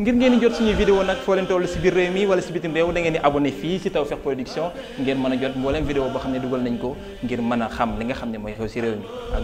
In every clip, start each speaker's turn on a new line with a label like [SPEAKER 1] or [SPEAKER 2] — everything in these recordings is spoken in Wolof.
[SPEAKER 1] ngir ngeen jot suñu vidéo nag foo leen si biir réew mi wala si bitim réew da ngeen di abonné fii si Tawfekh Production ngeen mën a jot mbooleem vidéo boo xam ne dugal nañ ko ngir mën a xam li nga xam ne mooy xew si réew mi ak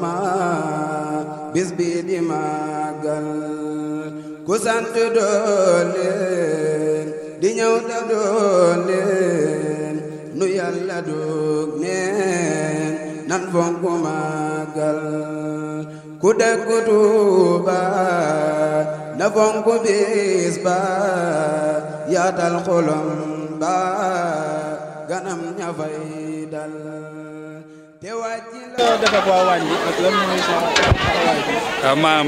[SPEAKER 2] may bis bi di màggal ku sant doo
[SPEAKER 1] leen
[SPEAKER 2] di ñëw ta doo leen lu yàlla dog neen nan fonk màggal ku dëkk Tuuba na fonk bis ba yaatal xolom ba ganam ña fay dal te wàcci la def ak waañ bi
[SPEAKER 3] ak lan mooy sa taxawaay
[SPEAKER 4] bi waaw ah, maam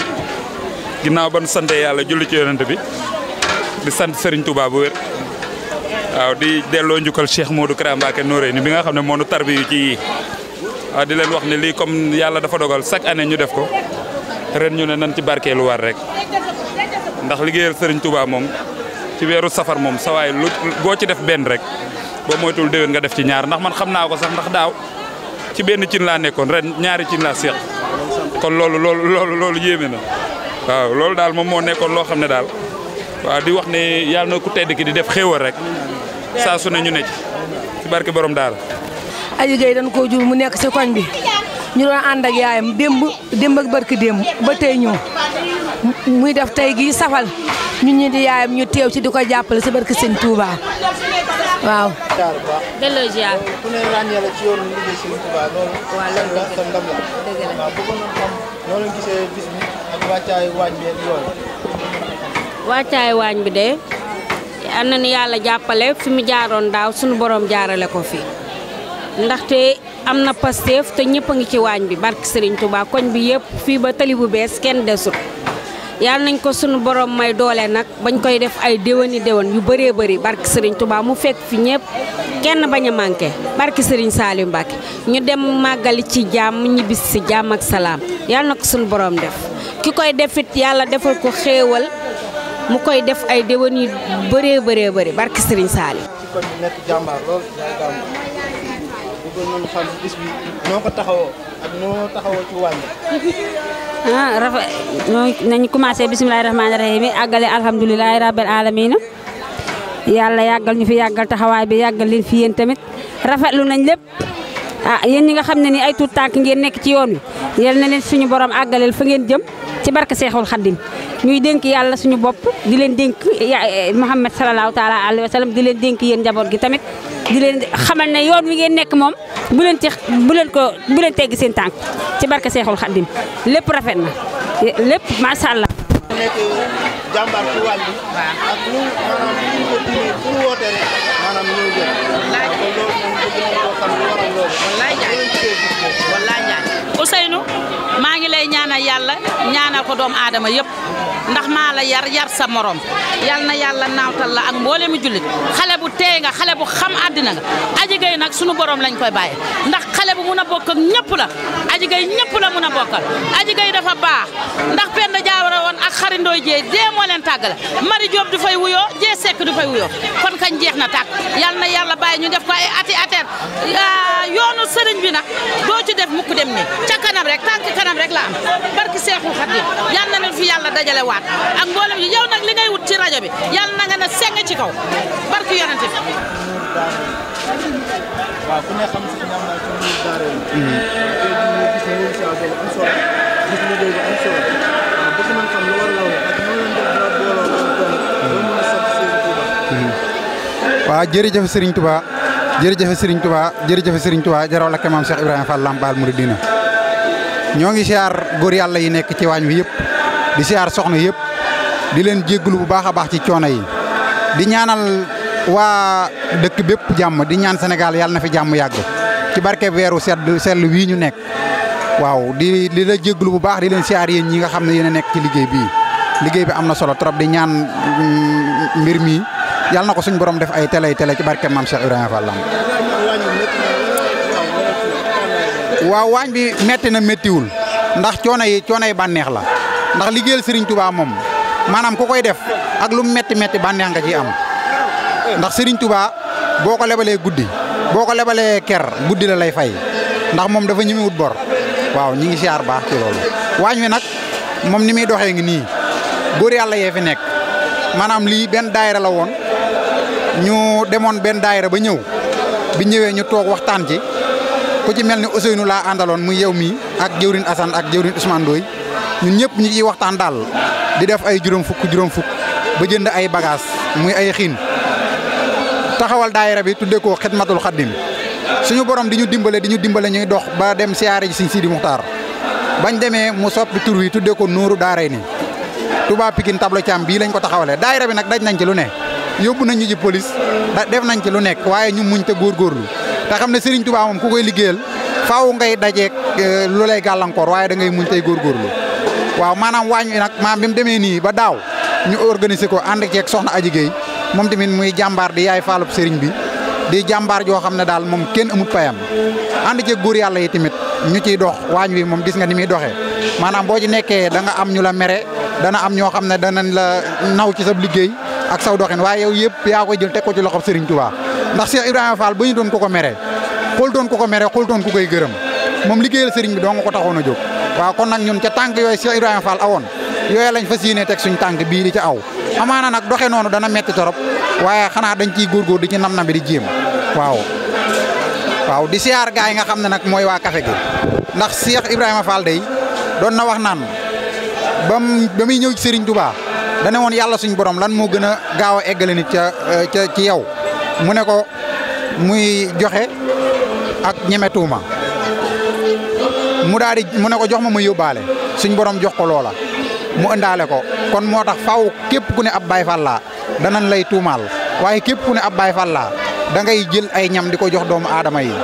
[SPEAKER 4] ginnaaw ban yàlla julli ci yonent bi di sant sëriñ tubaabu wér waaw di delloo njukkal Cheikh Modou Kara Mbacké Noreyni bi nga xam ne moo nu tarbiyu ci yii waaw di leen wax ne lii comme yàlla dafa dogal chaque année ñu def ko ren ñu ne nan ci barkeelu war rek ndax liggéeyal sëriñ Touba moom ci weeru safar moom sawaay waay lu boo ci def benn rek boo moytul dewen nga def ci ñaar ndax man xam naa ko sax ndax daaw ci benn cin laa nekkoon ren ñaari cin laa seq kon loolu loolu loolu loolu yéeme na waaw loolu daal moom moo nekkoon loo xam ne daal waaw di wax ne yàlla na ku tedd ki di def xéewal rek saa su ne ñu ne ci ci barke borom daara.
[SPEAKER 1] Aji Gueye dañ koo mu nekk ci koñ bi ñu doon ànd ak yaayam démb démb ak barke démb ba tey ñëw muy def tey gi safal ñun ñi di yaayam ñu teew ci di ko jàppale si barke Sëñ Touba waaw.
[SPEAKER 5] am nañu yàlla jàppale fi mu jaaroon daaw suñu borom jaarale ko fi ndaxte am na Pastef te ñëpp a ngi ci waañ bi barke Serigne Touba koñ bi yëpp fii ba tali bu bees kenn desut yàlla nañ ko sunu borom may doole nag bañ koy def ay déwéni déwén yu bëree bëri barke sëriñ Touba mu fekk fi ñëpp kenn bañ a manqué barke Serigne Saliou Mbacke ñu dem màggali ci jàmm ñibbis si jàmm ak salaam yàlla na ko sunu borom def ki koy defit yàlla defal ko xéewal mu koy def ay déwén yu bëree bëree bëri barki Serigne Saali.
[SPEAKER 2] noo ko taxawoo ak noo taxawoo ci wàññi. ah rafet ñooñu nañu commencé bisimilahi rahmaani mi àggale alhamdulilahi rabbil alamina yàlla yàggal ñu fi yàggal taxawaay bi yàggal leen fii yéen tamit rafetlu nañ lépp. ah yéen ñi nga xam ne ni ay tuut tànk ngeen nekk ci yoon wi yal na leen suñu borom àggaleel fa ngeen jëm ci barke Seexul Xaddim ñuy dénk yàlla suñu bopp di leen dénk eh, Muhammad salallaahu taala alayhi wa sallam di leen dénk yéen njaboot gi tamit di leen xamal na yoon wi ngeen nekk moom bu leen ci bu leen ko bu leen teggi seen tànk ci barke Seexul Xaddim lépp rafet na lépp macha allah.
[SPEAKER 1] jàmbaar ci wàll bi.
[SPEAKER 2] waaw maa ngi lay ñaanal yàlla ñaanal ko doomu aadama yëpp ndax maa la yar yar sa morom yal na yàlla naawtal la ak mboolemu jullit xale bu teey nga xale bu xam àddina nga aji gay nag sunu borom lañ koy bàyyi ndax xale bu mun a bokk ak la aji gay ñëpp la mun a bokkal aji gay dafa baax ndax Penda Diawara ak xarindooy jee jee moo leen tàggale Mari Diop du fay wuyoo jee Seck du fay wuyoo kon kañ jeex na tàkk yal na yàlla bàyyi ñu def ko ay ati ateer yoonu sëriñ bi nag doo ci def mukk dem ni ca kanam rek tànk kanam rek la am barki Seexul Xadiim yal na leen fi yàlla dajale waat ak mboolem yi yow nag li ngay wut ci rajo bi yal na nga ne seng ci kaw barki yonente bi
[SPEAKER 1] ku ne xam si ñam naa ci ñuy daare mm-hmm.
[SPEAKER 4] waaw jërëjëf Serigne Touba jërëjëf Serigne Touba jërëjëf Serigne Touba jaraw la maam Cheikh Ibrahima Fall Lambaal Mouridina ñoo ngi siyaar góor yàlla yi nekk ci waañ wi yëpp di siyaar soxna yëpp di leen jégglu bu baax a baax ci coono yi di ñaanal waa dëkk bépp jàmm di ñaan Sénégal yàlla na fi jàmm yàgg ci barke weeru sedd sell wii ñu nekk waaw di di la jégglu bu baax di leen siyaar yéen ñi nga xam ne yéen a nekk ci liggéey bii liggéey bi am na solo trop di ñaan mm, mbir mi yàlla na ko suñ borom def ay télé télé ci barkeem maam Cheikh Ibrahima Fall waaw waañ bi metti na méttiwul ndax coono yi coono yi bànneex la ndax liggéeyal Serigne tubaa moom maanaam ku koy def ak lu mu metti metti bànneex nga ciy am ndax Serigne tubaa boo ko lebalee guddi boo ko lebalee ker guddi la lay fay ndax moom dafa ñimi wut bor waaw ñi ngi siyaar baax ci loolu. waañ wi nag moom ni muy doxee ngi nii góor yàlla yee fi nekk maanaam lii benn daayira la woon. ñu demoon benn daayira ba ñëw bi ñëwee ñu toog waxtaan ci ku ci mel ni Ousseynou laa àndaloon muy yow mii ak jëwrin Assane ak jëwrin Ousmane Doy ñun ñëpp ñu ciy waxtaan daal di def ay juróom fukk juróom fukk ba jënd ay bagages muy ay xiin taxawal daayira bi tuddee ko xidmatul xaddim suñu borom di ñu dimbale di ñu dimbale ñuy dox ba dem siyaare ji Sëñ Sidi Muxtaar bañ demee mu soppi tur wi tuddee ko Nuuru Daarayni Touba Pikine tableau Thiam bii lañ ko taxawalee daayira bi nag daj nañ ci lu ne. yóbbu nañ ñu ci police da def nañ ci lu nekk waaye ñu muñ te góorgóorlu te xam ne Serigne Touba moom ku koy liggéeyal faaw ngay dajeek euh, lu lay gàllankoor waaye da ngay muñ tey góorgóorlu waaw maanaam waañ wi nag maa bi mu demee nii ba daaw ñu organiser ko ànd ceeg soxna Aji Guèye moom tamit muy jàmbaar di yaay faalub Serigne bi di jàmbaar joo xam ne daal moom kenn amut payam ànd ceeg góor yàlla yi tamit ñu ciy dox waañ wi moom gis nga ni muy doxee maanaam boo ci nekkee da nga am ñu la mere dana am ñoo xam ne danañ la naw ci sa liggéey ak saw doxin waaye yow yëpp yaa koy jël teg ko ci loxob Serigne Touba ndax Cheikh Ibrahima Fall ba ñu doon ko ko mere xool doon ko ko mere xool doon ku koy gërëm moom liggéeyal Serigne bi doo nga ko taxoon a jóg waaw kon nag ñun ca tànk yooyu Cheikh Ibrahima Fall awoon yooyu lañ fas yéenee teg suñ tànk bii di ca aw amaana nag doxe noonu dana metti torop waaye xanaa dañ ciy góorgóor di ci nam na bi di jéem waaw waaw di siyaar gaa yi nga xam ne nag mooy waa café gi ndax Cheikh Ibrahima Fall day doon na wax naan bam ba muy ñëw ci Serigne Touba dana woon yàlla suñ borom lan moo gën a gaaw a ca euh, ca ci yow mu ne ko muy joxe ak ñemetuuma mu daal di mu ne ko jox ma ma yóbbaale suñ borom jox ko loola mu indaale ko kon moo tax faw képp ku ne ab Baay Fall laa danañ lay tuumaal waaye képp ku ne ab Baay Fall laa da ngay jël ay ñam di ko jox doomu aadama yi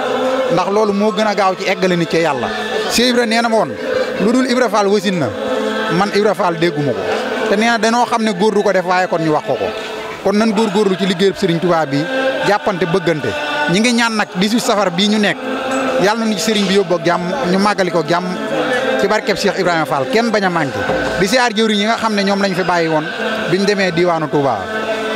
[SPEAKER 4] ndax loolu moo gën a gaaw ci eggale nit ca yàlla Cheikh Ibra nee na ma lu dul Ibra Fall wasin na man Ibra Fall dégguma ko te nee na xam ne góor du ko def waaye kon ñu wax ko ko kon nan góorgóorlu ci liggéeyub Serigne Touba bi jàppante bëggante ñi ngi ñaan nag si safar bii ñu nekk yàlla nañu Serigne bi yóbbu ak jàmm ñu màggali ko jàmm ci barkeb Cheikh Ibrahima Fall kenn bañ a manqué di siyaar jëwriñ yi nga xam ne ñoom lañu fi bàyyi woon ñu demee diwaanu Touba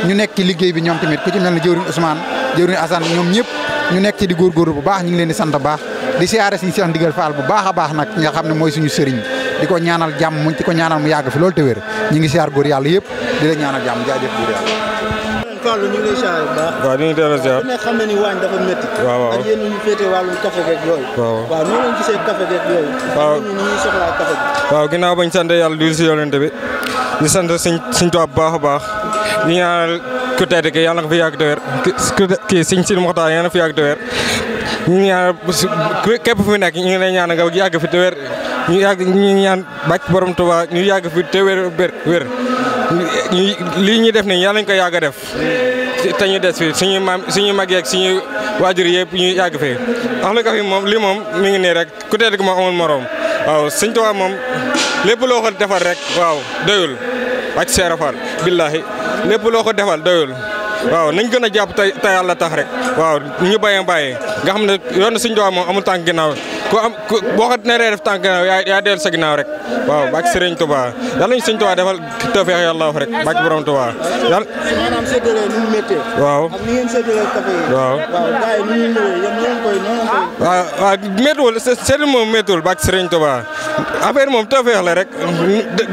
[SPEAKER 4] ñu nekk ci liggéey bi ñoom tamit ku ci mel ne jëwriñ Ousmane jëwriñ Assane ñoom ñëpp ñu nekk ci di góorgóorlu bu baax ñu ngi leen di sant baax di siyaare si Cheikh bu baax a baax nag nga xam ne mooy suñu sëriñ di ko ñaanal jàmm mu di ko ñaanal mu yàgg fi loolu te wér ñu ngi siyaar góor yàlla yëpp di la ñaanal jàmm jaajëf góor yàlla ñu ngi lay siyaare bu baax.
[SPEAKER 3] waaw waaw waaw ñu
[SPEAKER 4] féete wàllum café geeg
[SPEAKER 3] waaw waaw ñoo ginnaaw bañ sant yàlla di si yonente bi ñu sant suñ suñ tubaab bu baax a baax ñu ñaanal ku tedd ki fi yàgg te wér kii suñ si Moxtaar yàlla fi yàgg te wér ñu ngi ñaan képp fu mu nekk ñu ngi lay ñaan nga yàgg fi te wér ñu yàgg ñu ñaan bàcc borom Tuubaa ñu yàgg fi te wér wér lii ñu def nii yàlla nañu ko yàgg a def te ñu des fi suñu maam suñu mag yeeg suñu waajur yëpp ñu yàgg fi wax na moom lii moom mi ngi nii rek ku tedd ko moom amul morom waaw Sëñ towaa moom lépp loo ko defal rek waaw doyul bàcc seerafal billaahi lépp loo ko defal doyul waaw nañ gën a jàpp te yàlla tax rek waaw ñu ñu bàyyee bàyyee nga xam ne yoon suñu doom moom amul tànk ginnaaw ku am boo ko naree def tànk yaa yaa sa ginnaaw rek waaw bak Serigne Touba yàlla ñu Serigne Touba defal tawfeex yàlla rek ak ni ngeen
[SPEAKER 4] séddalee café yi
[SPEAKER 3] waaw waaw
[SPEAKER 2] gars yi ni ñu ñëwee
[SPEAKER 3] yéen ñoo koy moom méttuwul rek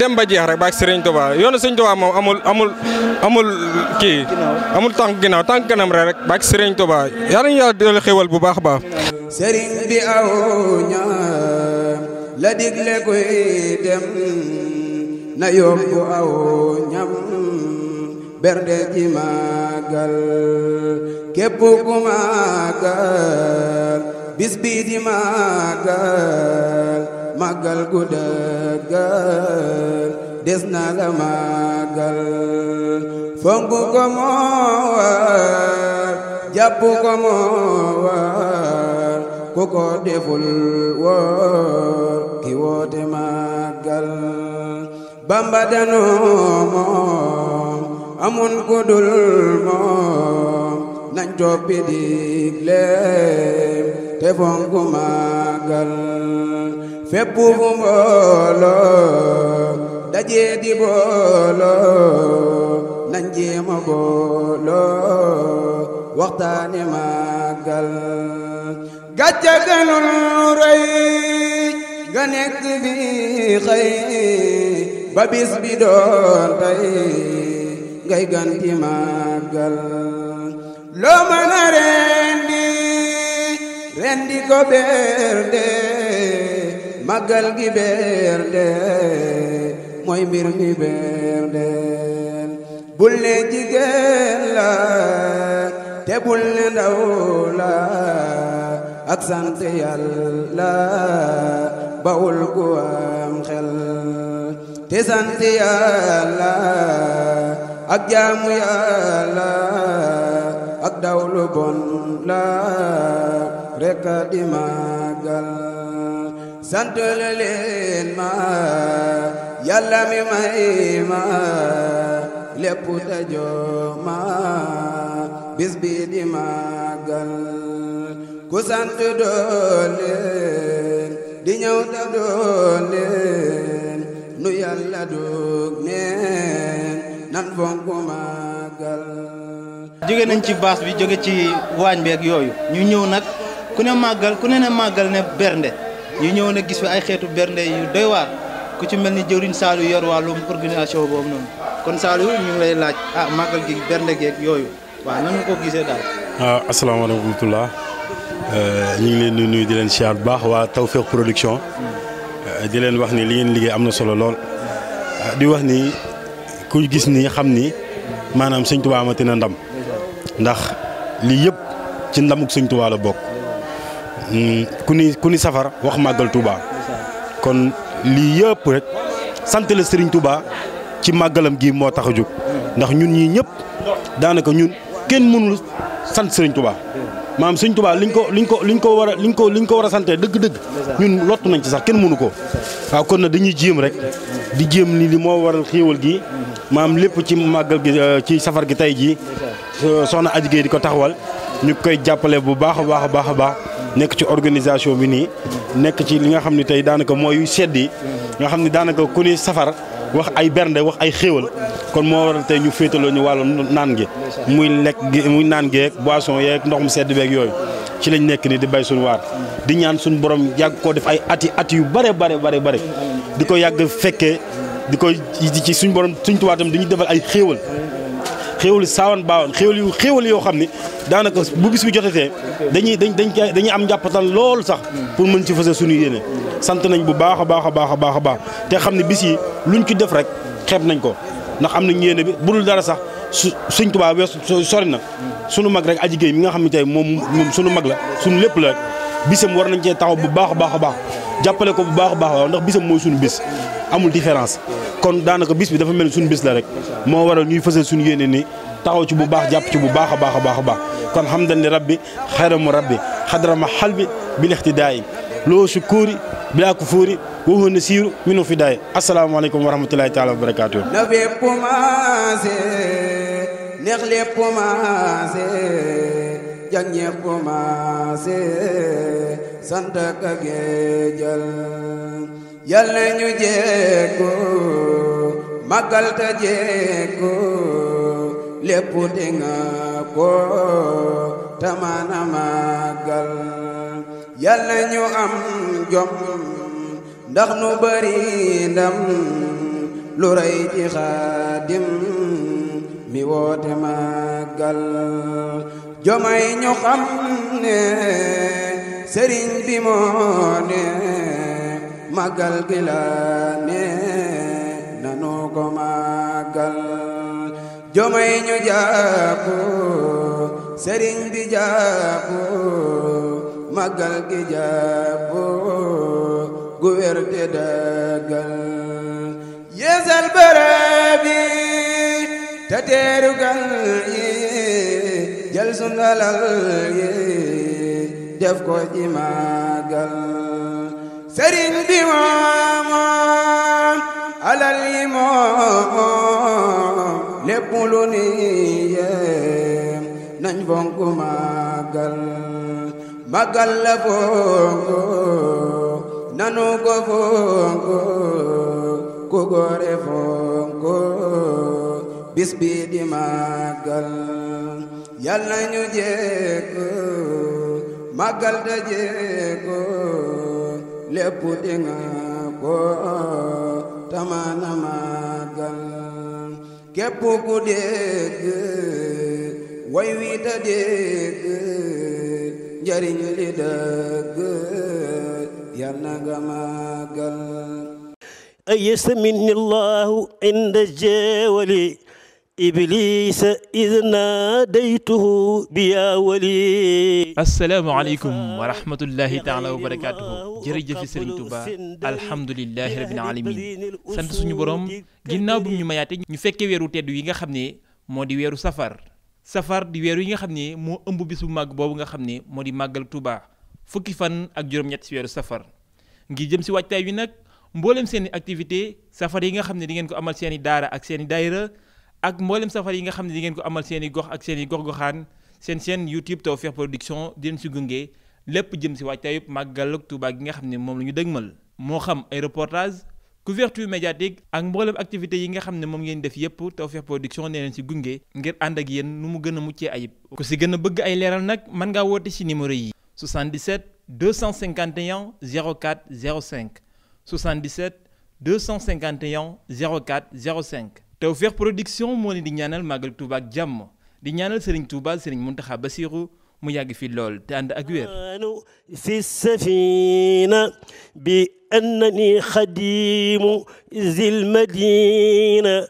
[SPEAKER 3] dem ba jeex rek bak Serigne Touba yoonu Serigne amul amul kii amul tànk ginnaaw tànk kanam rek bak Serigne Touba yàlla ñu
[SPEAKER 2] yàlla bu baax a baax sëriñ bi aw ñam la digle kuy dem na yóbbu aw ñam berde ci màggal ku màggal bis bi di màggal des na la màggal fonk ko moo war ko moo ku ko deful woor ki woote màggal bamba danoo moom amun ku dul moom nañ toppi digleem te fonku màggal fépp mbooloo dajee di booloo nañ jéema booloo waxtaane màggal gàcce ganul rëy nga nekk bi xëy ba bis doon tey ngay ganti màggal loo mën rendi rendi ko berde màggal gi berde mooy mbir berde bul ne jigéen te bul ne ndaw la ak sant yàlla bawul ku am xel te sant yàlla ak jaamu yàlla ak daw la rek a di màggal leen ma yàlla mi may ma lépp ta jooma bis bi di màggal ku sant dooleen di ñëw ta dooleen nu yàlla doog neen nan fonk màggal
[SPEAKER 1] jóge nañ ci baas bi jóge ci waañ bi ak yooyu ñu ñëw nag ku ne màggal ku ne ne màggal ne bernde ñu ñëw nag gis fi ay xeetu bernde yu doy waar ku ci mel ni jëwriñ saalu yor wàllum organisation boobu noonu kon Saliou ñu lay laaj ah màggal gi bernde geeg yooyu waaw nan nga ko
[SPEAKER 5] ah, euh, ñu ngi leen di nuyu di leen siyaar bu baax waa taw Tawfekh Production euh, di leen wax ni li ngeen liggéey am na solo lool euh, di wax ni ku gis ni xam ni maanaam sëñ Tuubaa amati ndam ndax lii yëpp ci ndamuk sëñ Tuubaa la bokk hmm, ku ni ku ni safar wax màggal Tuubaa kon lii yëpp rek sant Sëriñ Tuubaa ci màggalam gi moo tax a jóg ndax ñun ñii ñëpp daanaka ñun. kenn mënul sant sëriñ Touba maanaam sëriñ Touba liñ ko liñ ko liñ ko war a liñ ko liñ ko a santee dëgg-dëgg ñun lottu nañ ci sax kenn mënu ko waaw kon na dañuy jéem rek di jéem ni li moo waral xéewal gi maam lépp ci màggal gi euh, ci safar gi tey jii soxna Adji Gueye di ko taxawal ñu koy jàppale bu baax a baax a baax a baax nekk ci organisation bi nii nekk ci li nga xam ne tey daanaka mooy sedd yi nga xam ne daanaka ku ni safar wax ay bernde wax ay xéewal kon moo waral tey ñu féetaloo ñu wàllu naan gi muy lekk gi muy naan gi ak boisson yeeg ndox mu sedd beeg yooyu ci lañ nekk ni di bay suñu waar di ñaan suñu borom yàgg koo def ay ati at yu bare bare bare bare di ko yàgg fekkee di ko ci suñ borom suñ tuwaatam dañuy defal ay xéewal xéwal saawan baawan xéwal yu xéwal yoo xam ni daanaka bu bis bi jotatee dañuy dañ dañ dañuy am njàppatal loolu sax pour mën ci fësal suñu yéene sant nañ bu baax a baax a baax a baax a baax te xam ne bis yi luñ ci def rek xeeb nañ ko ndax am nañ yéene bi bu dul dara sax su suñ tubaab weesu sori na sunu mag rek aji géey mi nga xam ne tey moom moom mag la suñu lépp la rek bisam war nañ cee taxaw bu baax a baax a baax jàppale ko bu baax a baax waaw ndax bisam mooy suñu bis amul différence kon daanaka bis bi dafa mel ni suñu bis la rek moo waral ñuy fësal suñu yéene ni taxaw ci bu baax jàpp ci bu baax a baax a baax a baax kon xamdan li rabbi xayramu rabbi xadrama xal bi bil ixtidaay loo su kóori bilaa ko fóori waxoon na siiru minu fi daay asalaamaaleykum wa rahmatulahi taala wa barakaatu
[SPEAKER 2] na bépp maase neex lépp maase jag ñepp maase sant yal na ñu jéego màggal ta jéego lépp di nga ko tamaana màggal yal na am jom ndax nu bari ndam lu rëy xaadim mi woote màggal jomay ñu xam ne sëriñ bi moo ne màggal gi la nee jomay ñu jàpp sëriñ bi jàpp màggal gi jàpp guwer te yeesal bërëb yi te teeru yi def ko ci màggal sëriñ bi moomoo alal yi moomoo lépp lu ni yéem nañ fonk màggal màggal la fonko nanu ko fonko ku góore fonko bis bi di màggal da jéego lépp di nga ko tamaana màggal képp ku dégg way wi ta dégg li dëgg yal na nga màggal ay yastamin allahu inda jeewali
[SPEAKER 1] iblis id naadaytuhu bi yaa wali asalaamaaleykum wa rahmatullahi taala wa barakaatuhu jërëjëf Serigne Touba alhamdulilahi rabbil alamin sant suñu borom ginnaaw bu ñu mayaate ñu fekkee weeru tedd yi nga xam ne moo di weeru safar safar di weeru yi nga xam ne moo ëmb bis bu màgg boobu nga xam ne moo di màggal tubaa fukki fan ak juróom-ñett si weeru safar ngir jëm si waajtaay wi nag mboolem seen activité safar yi nga xam ne di ngeen ko amal seen i ak seen i ak mboolem safar yi nga xam ne di ngeen ko amal seen gox ak seen i gox-goxaan seen seen YouTube Tawfekh Production di leen si gunge lépp jëm si waajtaayub màggal ak Tuubaa gi nga xam ne moom la ñu dëgmal moo xam ay reportage couverture médiatique ak mboolem activité yi nga xam ne moom ngeen def yépp Tawfekh Production nee leen si gunge ngir ànd ak yéen nu mu gën a muccee ayib ku si gën a bëgg ay leeral nag mën ngaa woote si numéro yi 77 251 04 05 77 251 04 05 Tawfekh Production moo leen di ñaanal màggal Touba ak jàmm di ñaanal tuubaal Serigne Touba Serigne ba Bassirou mu yàgg fi lool te ak wér
[SPEAKER 5] fi safina bi annani
[SPEAKER 1] xadimu zil madina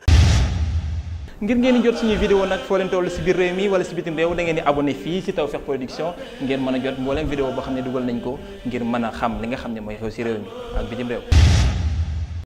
[SPEAKER 1] ngir ngeen di jot suñuy vidéo nag foo leen toll si biir réew mi wala si bitim réew da ngeen di abonné fii si Tawfekh Production ngeen mën a jot mbooleem vidéo boo xam ne dugal nañ ko ngir mën a xam li nga xam ne mooy xew si réew mi ak bitim réew